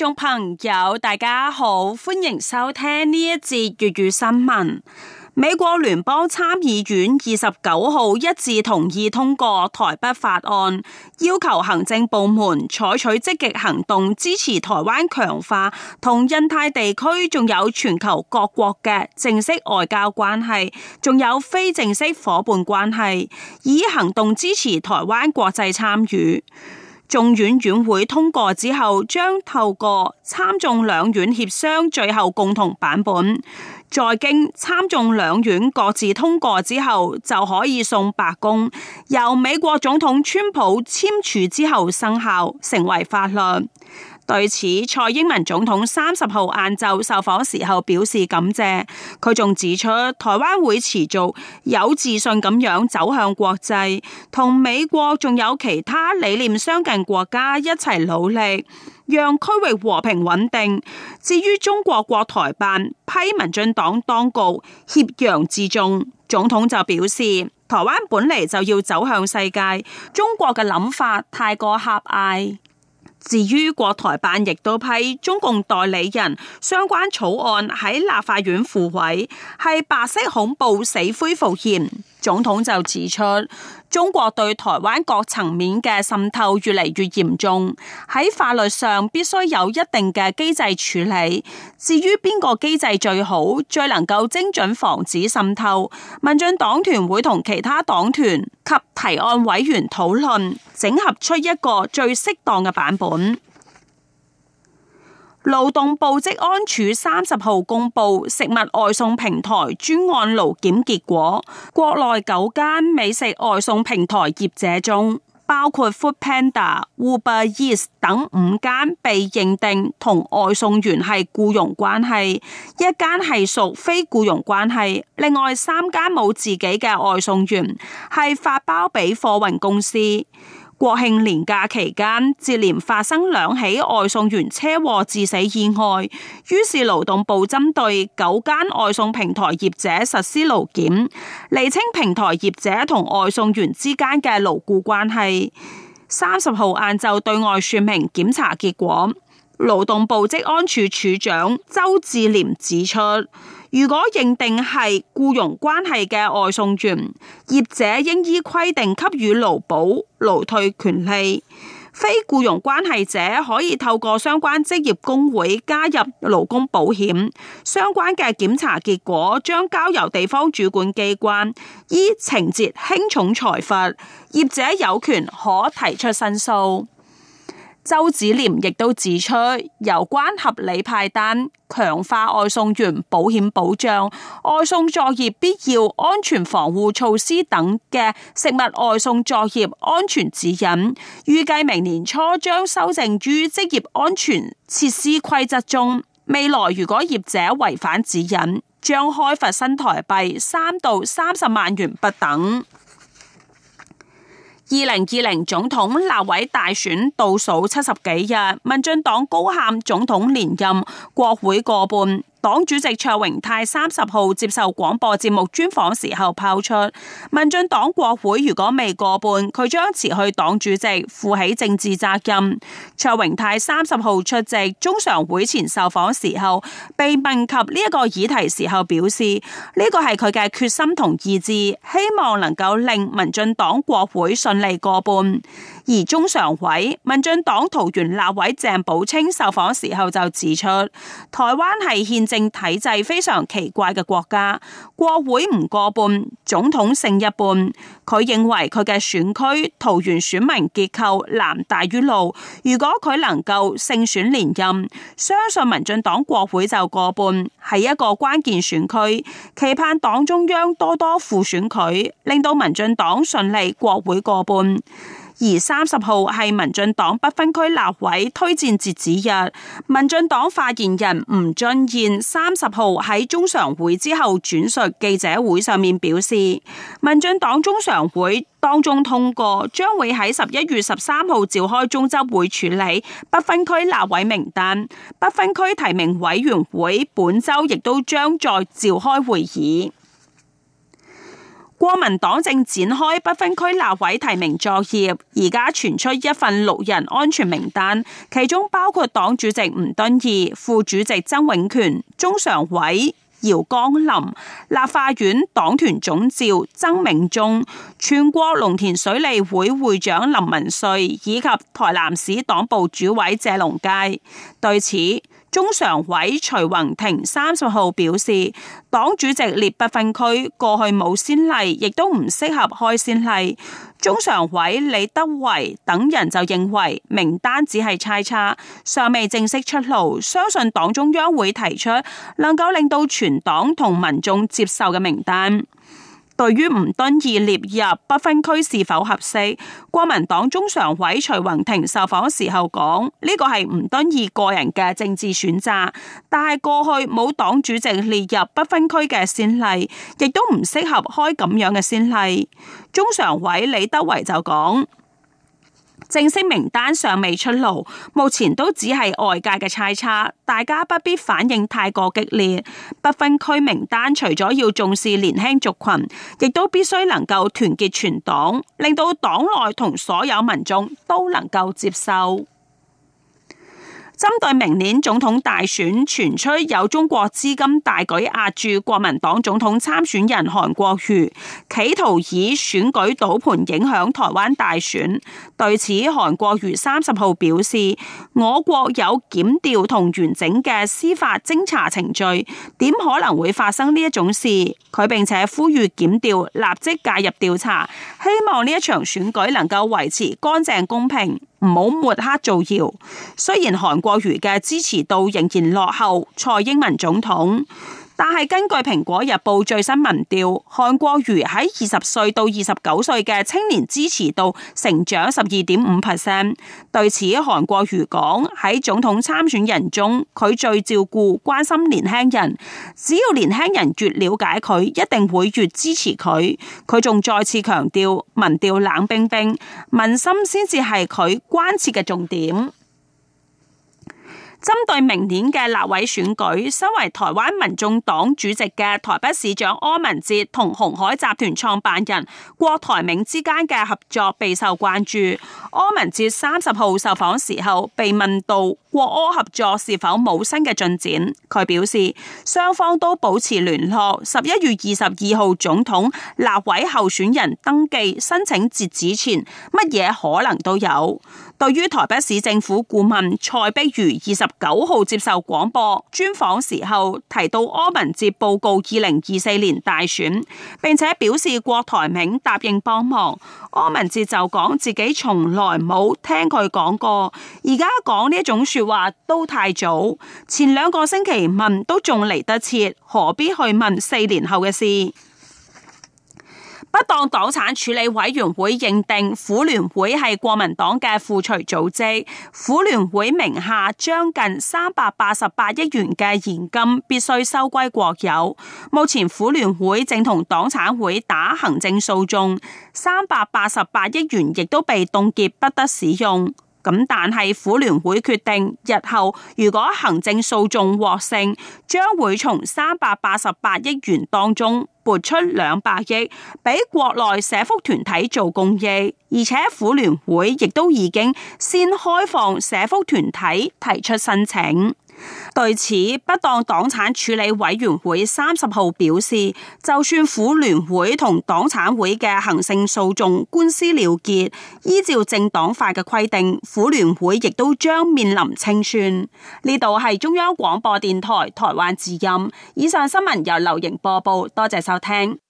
聽眾朋友，大家好，歡迎收聽呢一節粵語新聞。美國聯邦參議院二十九號一致同意通過台北法案，要求行政部門採取積極行動，支持台灣強化同印太地區仲有全球各國嘅正式外交關係，仲有非正式夥伴關係，以行動支持台灣國際參與。眾院院會通過之後，將透過參眾兩院協商最後共同版本，再經參眾兩院各自通過之後，就可以送白宮，由美國總統川普簽署之後生效，成為法律。對此，蔡英文總統三十號晏晝受訪時候表示感謝，佢仲指出台灣會持續有自信咁樣走向國際，同美國仲有其他理念相近國家一齊努力，讓區域和平穩定。至於中國國台辦批民進黨當局挾洋自重，總統就表示台灣本嚟就要走向世界，中國嘅諗法太過狹隘。至於國台辦亦都批中共代理人相關草案喺立法院付委，係白色恐怖死灰復燃。總統就指出，中國對台灣各層面嘅滲透越嚟越嚴重，喺法律上必須有一定嘅機制處理。至於邊個機制最好，最能夠精準防止滲透，民進黨團會同其他黨團及提案委員討論，整合出一個最適當嘅版本。勞動部職安署三十號公布食物外送平台專案勞檢結果，國內九間美食外送平台業者中，包括 Foodpanda、Uber Eats 等五間被認定同外送員係雇傭關係，一間係屬非雇傭關係，另外三間冇自己嘅外送員，係發包俾貨運公司。國慶年假期間，接連發生兩起外送員車禍致死意外，於是勞動部針對九間外送平台業者實施勞檢，釐清平台業者同外送員之間嘅勞雇關係。三十號晏晝對外說明檢查結果，勞動部職安處處長周志廉指出。如果認定係僱傭關係嘅外送員，業者應依規定給予勞保、勞退權利；非僱傭關係者可以透過相關職業工會加入勞工保險。相關嘅檢查結果將交由地方主管機關依情節輕重裁罰。業者有權可提出申訴。周子廉亦都指出，有關合理派單、強化外送員保險保障、外送作業必要安全防護措施等嘅食物外送作業安全指引，預計明年初將修正於職業安全設施規則中。未來如果業者違反指引，將開罰新台幣三到三十萬元不等。二零二零總統立委大選倒數七十幾日，民進黨高喊總統連任，國會過半。黨主席卓榮泰三十號接受廣播節目專訪時候拋出，民進黨國會如果未過半，佢將辭去黨主席，負起政治責任。卓榮泰三十號出席中常會前受訪時候，被問及呢一個議題時候，表示呢個係佢嘅決心同意志，希望能夠令民進黨國會順利過半。而中常委民進黨桃園立委鄭寶清受訪時候就指出，台灣係憲政體制非常奇怪嘅國家，國會唔過半，總統勝一半。佢認為佢嘅選區桃園選民結構藍大於綠，如果佢能夠勝選連任，相信民進黨國會就過半，係一個關鍵選區，期盼黨中央多多輔選佢，令到民進黨順利國會過半。而三十號係民進黨不分區立委推薦截止日，民進黨發言人吳俊彥三十號喺中常會之後轉述記者會上面表示，民進黨中常會當中通過，將會喺十一月十三號召開中執會處理不分區立委名單，不分區提名委員會本周亦都將再召開會議。國民黨正展開不分區立委提名作業，而家傳出一份六人安全名單，其中包括黨主席吳敦義、副主席曾永權、中常委姚江林、立法院黨團總召曾銘宗、全國農田水利會會長林文瑞以及台南市黨部主委謝龍介。對此，中常委徐宏庭30號表示，黨主席列不分區，過去冇先例，亦都唔適合開先例。中常委李德維等人就認為，名單只係猜測，尚未正式出爐，相信黨中央會提出，能夠令到全黨同民眾接受嘅名單。對於吳敦義列入不分區是否合適，國民黨中常委徐宏庭受訪時候講：呢個係吳敦義個人嘅政治選擇，但係過去冇黨主席列入不分區嘅先例，亦都唔適合開咁樣嘅先例。中常委李德維就講：正式名單尚未出爐，目前都只係外界嘅猜測，大家不必反應太過激烈。不分區名單除咗要重視年輕族群，亦都必須能夠團結全黨，令到黨內同所有民眾都能夠接受。針對明年總統大選傳出有中國資金大舉壓住國民黨總統參選人韓國瑜，企圖以選舉賭盤影響台灣大選，對此韓國瑜三十號表示，我國有檢調同完整嘅司法偵查程序，點可能會發生呢一種事？佢並且呼籲檢調立即介入調查，希望呢一場選舉能夠維持乾淨公平。唔好抹黑造謠，雖然韓國瑜嘅支持度仍然落後蔡英文總統。但係根據蘋果日報最新民調，韓國瑜喺二十歲到二十九歲嘅青年支持度成長十二點五 percent。對此，韓國瑜講，喺總統參選人中，佢最照顧、關心年輕人。只要年輕人越了解佢，一定會越支持佢。佢仲再次強調，民調冷冰冰，民心先至係佢關切嘅重點。針對明年嘅立委選舉，身為台灣民眾黨主席嘅台北市長柯文哲同鴻海集團創辦人郭台銘之間嘅合作備受關注。柯文哲三十號受訪時候被問到郭柯合作是否冇新嘅進展，佢表示雙方都保持聯絡。十一月二十二號總統立委候選人登記申請截止前，乜嘢可能都有。對於台北市政府顧問蔡碧如二十九號接受廣播專訪時候提到柯文哲報告二零二四年大選，並且表示郭台銘答應幫忙，柯文哲就講自己從來冇聽佢講過，而家講呢種說話都太早。前兩個星期問都仲嚟得切，何必去問四年後嘅事？不當黨產處理委員會認定，婦聯會係國民黨嘅附隨組織，婦聯會名下將近三百八十八億元嘅現金必須收歸國有。目前婦聯會正同黨產會打行政訴訟，三百八十八億元亦都被凍結，不得使用。咁但係婦聯會決定，日後如果行政訴訟獲勝，將會從三百八十八億元當中，撥出兩百億俾國內社福團體做公益，而且婦聯會亦都已經先開放社福團體提出申請。對此，不當黨產處理委員會三十號表示，就算婦聯會同黨產會嘅行政訴訟官司了結，依照政黨法嘅規定，婦聯會亦都將面臨清算。呢度係中央廣播電台台灣之音，以上新聞由劉瑩播報，多謝收聽。